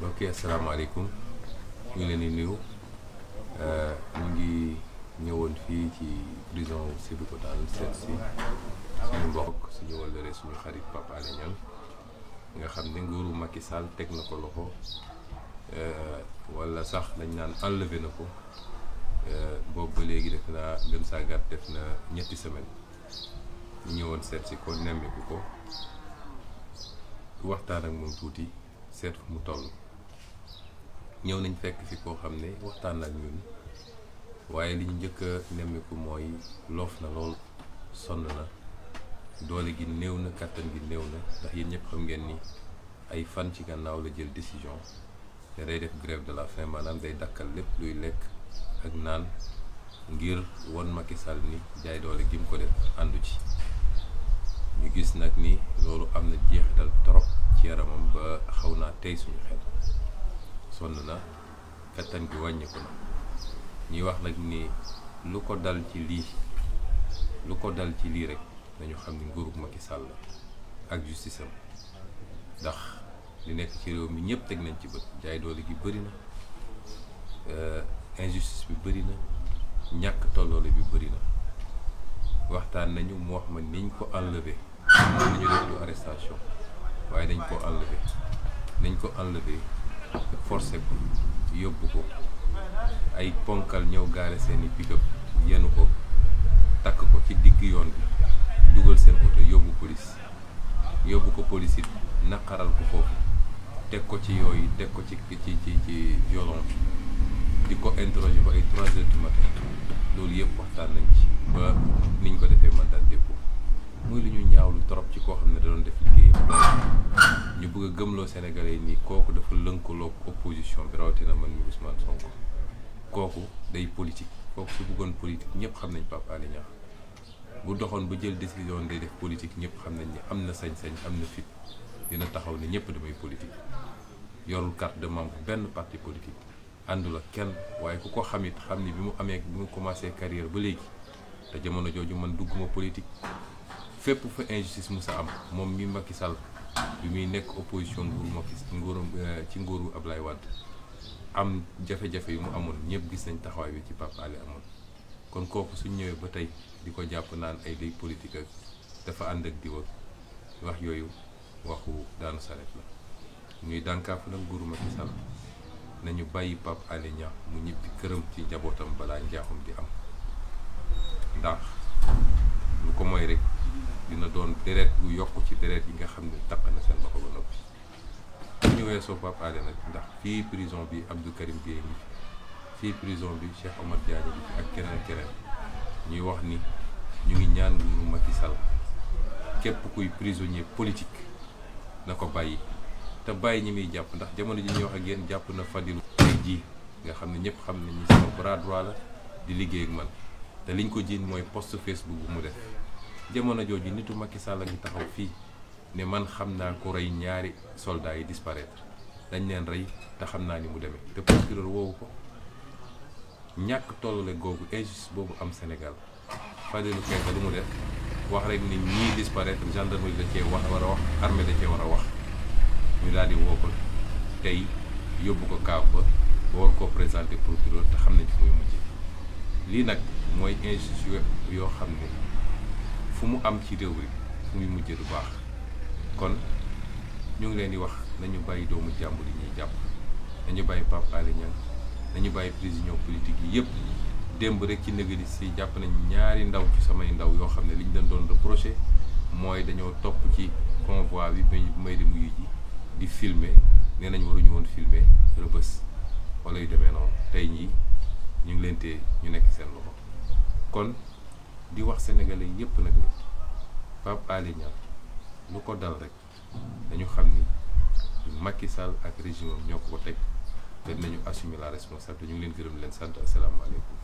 mbokk yi asalaamaaleykum ñu ngi leen di nuyu euh, ñu ngi ñëwoon fii ci prison Sébikotane seet si suñu mbokk suñu wëllëre suñu xarit Pape Alé Niang nga xam ne nguuru Macky Sall teg na ko loxo euh, wala sax dañ naan enlevé na ko euh, boobu ba léegi def naa gën saa gàtt def na ñetti semaine ñu ñëwoon seet si ko nemmeeku ko waxtaan ak moom tuuti seet fu mu toll ñëw nañ fekk fi koo xam ne waxtaan ak ñun waaye li ñu njëkk a nemmiku mooy loof na lool sonn na doole gi néew na kàttan gi néew na ndax yéen ñëpp xam ngeen ni ay fan ci gannaaw la jël décision ne day def grève de la faim maanaam day dakkal lépp luy lekk ak naan ngir won Macky sal ni jaay doole gi mu ko def àndu ci ñu gis nag ni loolu am na jeexital trop ci yaramam ba xaw naa tey suñu xel. sonn na kattan gi wàññiku na ñuy wax nag ni lu ko dal ci lii lu ko dal ci lii rek nañu xam ni nguurug Macky Sall ak justice am ndax li nekk ci réew mi ñëpp teg nañ ci bët jaay doole gi bëri na euh, injustice bi bëri na ñàkk tolloole bi bëri na waxtaan nañu mu wax ma niñ ko enlever nañu def du arrestation waaye dañ ko enlever nañ ko enlever forcé ko yóbbu ko ay ponkal ñëw gaare seeni pick-up yenu ko takk ko ci digg yoon bi dugal seen oto yóbbu polis yóbbu ko polis it naqaral ko ko teg ko ci yooyu teg ko ci ci ci ci violon di ko interroger ba ay trois heures du matin loolu yëpp waxtaan nañ ci ba niñ ko defee mandat dépôt muy lu ñu ñaawlu trop ci koo xam ne da doon def liggéeyam ñu bëgg gëmloo Sénégalais nii kooku lënkaloog opposition bi rawatina man mi Ousmane Sonko kooku day politique kooku su bëggoon politique ñëpp xam nañ Pape Alé bu doxoon ba jël décision day def politique ñëpp xam nañ ni am na sañ-sañ am na fit dina taxaw ne ñëpp damay politique yorul carte de membre benn parti politique àndul ak kenn waaye ku ko xamit xam ne bi mu amee bi mu commencé carrière ba léegi te jamono jooju man dugguma politique fépp fa injustice mu sa am moom mi Macky Sall bi muy nekk opposition nguuru Macky nguuru euh, ci nguuru Ablaye Wade am jafe-jafe yu mu amoon ñëpp gis nañ taxawaay bi ci Pape Alé amoon kon kooku suñ ñëwee ba tey di ko jàpp naan ay day politique ak dafa ànd ak diwa wax yooyu waxu daanu saret la ñuy dànkaafu nag nguuru Macky Sall nañu bàyyi Pape Alé Niang mu ñibbi këram ci njabootam balaa njaaxum di am ndax doon deret bu yokk ci deret yi nga xam ne taq na seen loxo ba noppi su ñu weesoo Pape Alé nag ndax fii prison bi Abdou Karim Gueye ngi fii prison bi Cheikh Omar Diagne ngi ak keneen keneen ñuy wax ni ñu ngi ñaan nguuru Macky Sall képp kuy prisonnier politique na ko bàyyi te bàyyi ñi muy jàpp ndax jamono ji ñuy wax ak yéen jàpp na Fadilou tey jii nga xam ne ñëpp xam ne ñi sama bras droit la di liggéey ak man te liñ ko jiin mooy post Facebook bu mu def jamono jooju nitu Macky Sall ngi taxaw fii ne man xam naa ko rey ñaari soldats yi disparaître dañ leen rey te xam naa ni mu demee te procureur woowu ko ñàkk tollale googu injustice boobu am Sénégal Fadilou Keita lu mu def wax rek ni ñii disparaître gendarmerie da cee wax war a wax armée da cee war a wax ñu daal di woo ko tey yóbbu ko kaaf ba war koo présenter procureur te xam nañ fi muy mujj lii nag mooy injustice yoo xam ne fu mu am ci réew mi fu muy mujjee du baax kon ñu ngi leen di wax nañu bàyyi doomu jàmbur yi ñuy jàpp nañu bàyyi Pape Alé Niang nañu bàyyi prisonniers politiques yi yëpp démb rek ci négalis si jàpp nañ ñaari ndaw ci samay ndaw yoo xam ne li ñu leen doon reproché mooy dañoo topp ci convoi bi bi may dem wuyu ji di filmer nee nañ waruñu woon filmer rëbës wala yu demee noonu tey ñii ñu ngi leen ñu nekk seen loxo kon. di wax sénégalais yépp nag ni Pape Alé Niang ko dal rek dañu xam ni Macky Sall ak régime am ñoo ko ko teg te dinañu assumer la responsabilité ñu ngi leen gërëm leen sant asalaamaaleykum